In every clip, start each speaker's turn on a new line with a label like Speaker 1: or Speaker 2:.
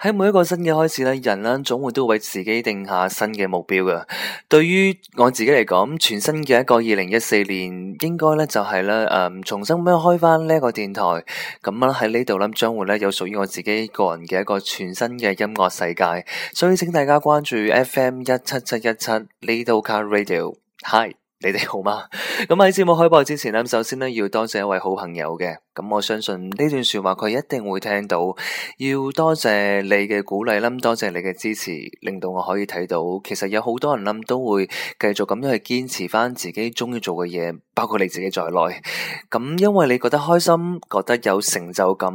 Speaker 1: 喺每一個新嘅開始咧，人咧總會都會為自己定下新嘅目標噶。對於我自己嚟講，全新嘅一個二零一四年，應該咧就係咧誒，重新咁樣開翻呢個電台。咁喺呢度咧，將會咧有屬於我自己個人嘅一個全新嘅音樂世界。所以請大家關注 FM 一七七一七 Little Car Radio。Hi。你哋好嗎？咁喺節目開播之前，呢首先呢，要多謝一位好朋友嘅，咁我相信呢段說話佢一定會聽到。要多謝你嘅鼓勵，啦，多謝你嘅支持，令到我可以睇到，其實有好多人呢都會繼續咁樣去堅持翻自己鍾意做嘅嘢，包括你自己在內。咁因為你覺得開心，覺得有成就感，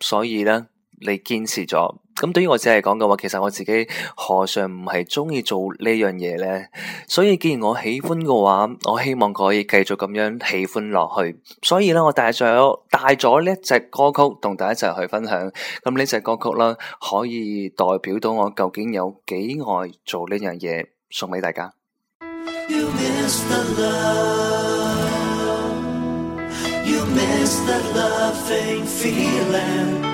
Speaker 1: 所以呢，你堅持咗。咁對於我自己嚟講嘅話，其實我自己何嘗唔係中意做呢樣嘢呢？所以既然我喜歡嘅話，我希望佢可以繼續咁樣喜歡落去。所以咧，我帶咗帶咗呢隻歌曲同大家一齊去分享。咁呢隻歌曲啦，可以代表到我究竟有幾愛做呢樣嘢，送俾大家。
Speaker 2: You miss the love,
Speaker 3: you miss the loving feeling.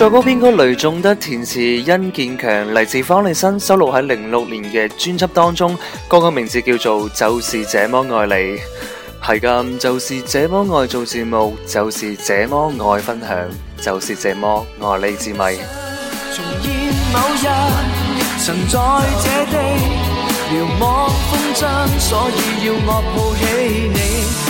Speaker 1: 作曲、編曲雷頌德，填詞，殷健強，嚟自方力申，收錄喺零六年嘅專輯當中，歌曲名字叫做《就是這麼愛你》，係噶，就是這麼愛做節目，就是這麼愛分享，就是這麼愛你滋味。
Speaker 3: 重現某日曾在這地，遙望風箏，所以要我抱起你。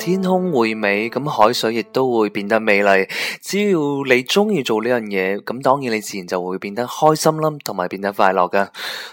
Speaker 1: 天空會美，咁海水亦都會變得美麗。只要你中意做呢樣嘢，咁當然你自然就會變得開心啦，同埋變得快樂噶。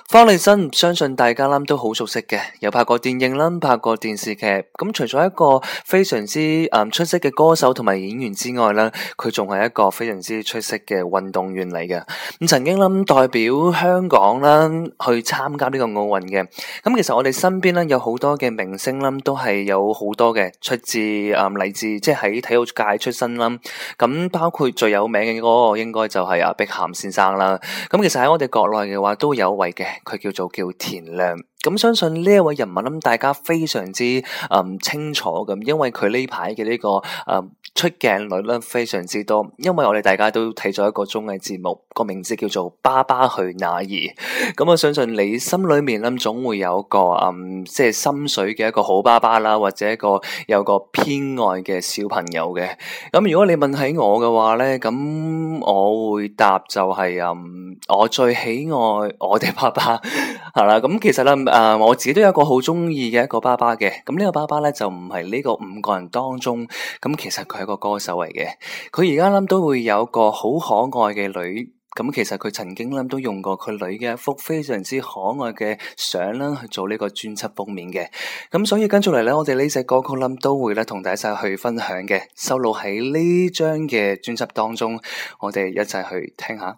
Speaker 1: 方力申，相信大家啦都好熟悉嘅，有拍過電影啦，拍過電視劇。咁除咗一個非常之出色嘅歌手同埋演員之外啦，佢仲係一個非常之出色嘅運動員嚟嘅。咁曾經啦代表香港啦去參加呢個奧運嘅。咁其實我哋身邊啦，有好多嘅明星啦，都係有好多嘅出。自誒嚟自即係喺體育界出身啦，咁包括最有名嘅嗰個應該就係阿碧鹹先生啦。咁其實喺我哋國內嘅話都有位嘅，佢叫做叫田亮。咁相信呢一位人物，大家非常之誒、嗯、清楚咁，因為佢呢排嘅呢個、嗯、出鏡率咧非常之多。因為我哋大家都睇咗一個綜藝節目，個名字叫做《爸爸去哪兒》。咁我相信你心裏面總會有一個、嗯、即係心水嘅一個好爸爸啦，或者一個有一個偏愛嘅小朋友嘅。咁如果你問起我嘅話呢，咁我會答就係、是、嗯，我最喜愛我哋爸爸。啦，咁其實咧，誒，我自己都有一個好鍾意嘅一個爸爸嘅。咁呢個爸爸咧就唔係呢個五個人當中。咁其實佢係一個歌手嚟嘅。佢而家諗都會有個好可愛嘅女。咁其實佢曾經諗都用過佢女嘅一幅非常之可愛嘅相啦去做呢個專輯封面嘅。咁所以跟住嚟咧，我哋呢隻歌曲諗都會咧同大家一齊去分享嘅，收錄喺呢張嘅專輯當中，我哋一齊去聽下。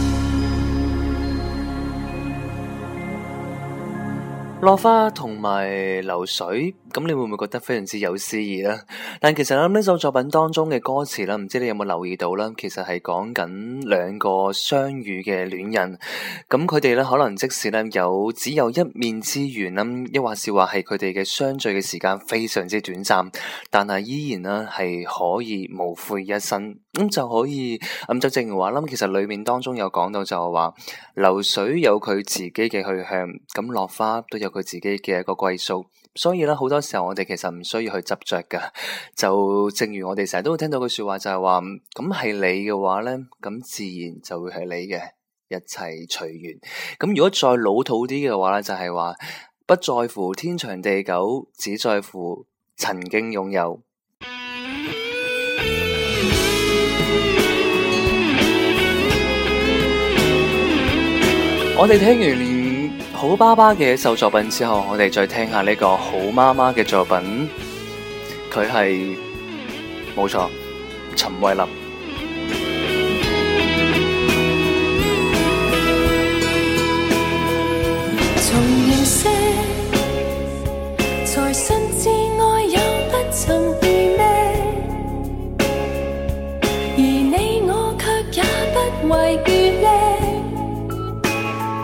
Speaker 1: 落花同埋流水，咁你會唔會覺得非常之有詩意呢？但其實呢，呢首作品當中嘅歌詞呢，唔知你有冇留意到呢？其實係講緊兩個相遇嘅戀人，咁佢哋呢，可能即使呢，有只有一面之緣啊，抑或是話係佢哋嘅相聚嘅時間非常之短暫，但係依然呢，係可以無悔一生。咁、嗯、就可以，咁、嗯、就正如話，啦。其實裏面當中有講到就係話，流水有佢自己嘅去向，咁落花都有佢自己嘅一個歸宿，所以咧，好多時候我哋其實唔需要去執着噶。就正如我哋成日都會聽到句說話就說，就係話，咁係你嘅話咧，咁自然就會係你嘅一切隨緣。咁如果再老土啲嘅話咧，就係、是、話，不在乎天長地久，只在乎曾經擁有。我哋聽完好爸爸嘅一首作品之後，我哋再聽一下呢個好媽媽嘅作品。佢係冇錯，陳慧琳。
Speaker 2: 從認識才深知愛有不尋覓，而你我卻也不為。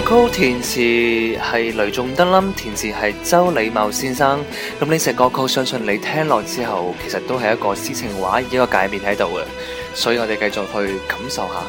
Speaker 1: 歌曲填詞係雷頌德，冧填詞係周禮茂先生。咁呢首歌曲，相信你聽落之後，其實都係一個詩情畫意，一個界面喺度嘅。所以我哋繼續去感受一下。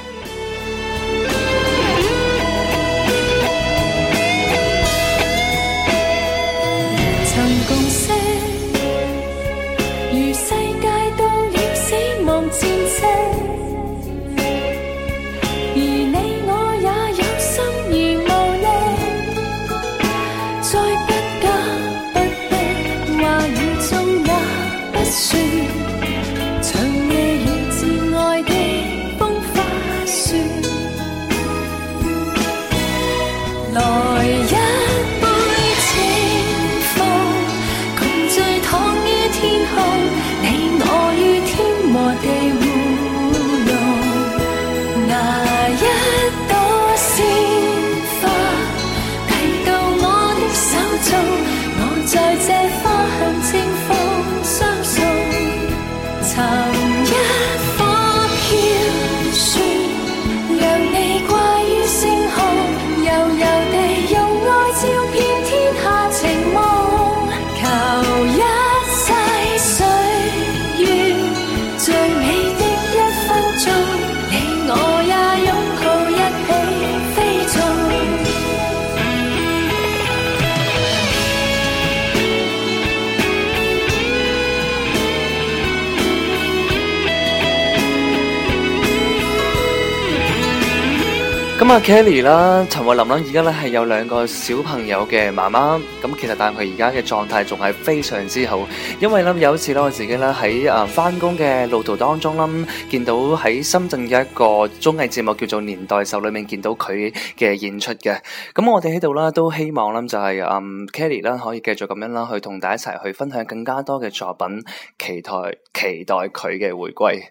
Speaker 1: 啊、Kelly 啦，陳慧琳啦，而家咧係有兩個小朋友嘅媽媽。咁其實但係佢而家嘅狀態仲係非常之好，因為咧有一次咧我自己咧喺誒翻工嘅路途當中啦，見到喺深圳嘅一個綜藝節目叫做《年代秀》裏面見到佢嘅演出嘅。咁我哋喺度咧都希望咧就係、是、嗯 Kelly 啦，可以繼續咁樣啦去同大家一齊去分享更加多嘅作品，期待期待佢嘅回歸。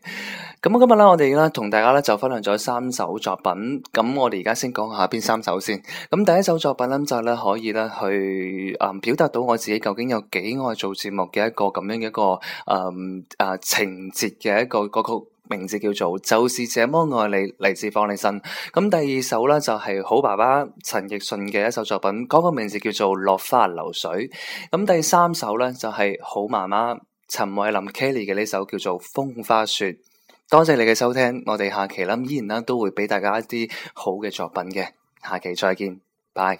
Speaker 1: 咁今日啦，我哋咧同大家咧就分享咗三首作品。咁我。我哋而家先講下邊三首先。咁第一首作品呢，就咧可以咧去表達到我自己究竟有幾愛做節目嘅一個咁樣一個誒、嗯呃、情節嘅一個歌曲、那個、名字叫做《就是這麼愛你》來放你身，嚟自方力申。咁第二首呢，就係、是、好爸爸陳奕迅嘅一首作品，嗰、那個名字叫做《落花流水》。咁第三首呢，就係、是、好媽媽陳慧琳 Kelly 嘅呢首叫做《風花雪》。多謝你嘅收聽，我哋下期依然都會畀大家一啲好嘅作品嘅，下期再見，拜。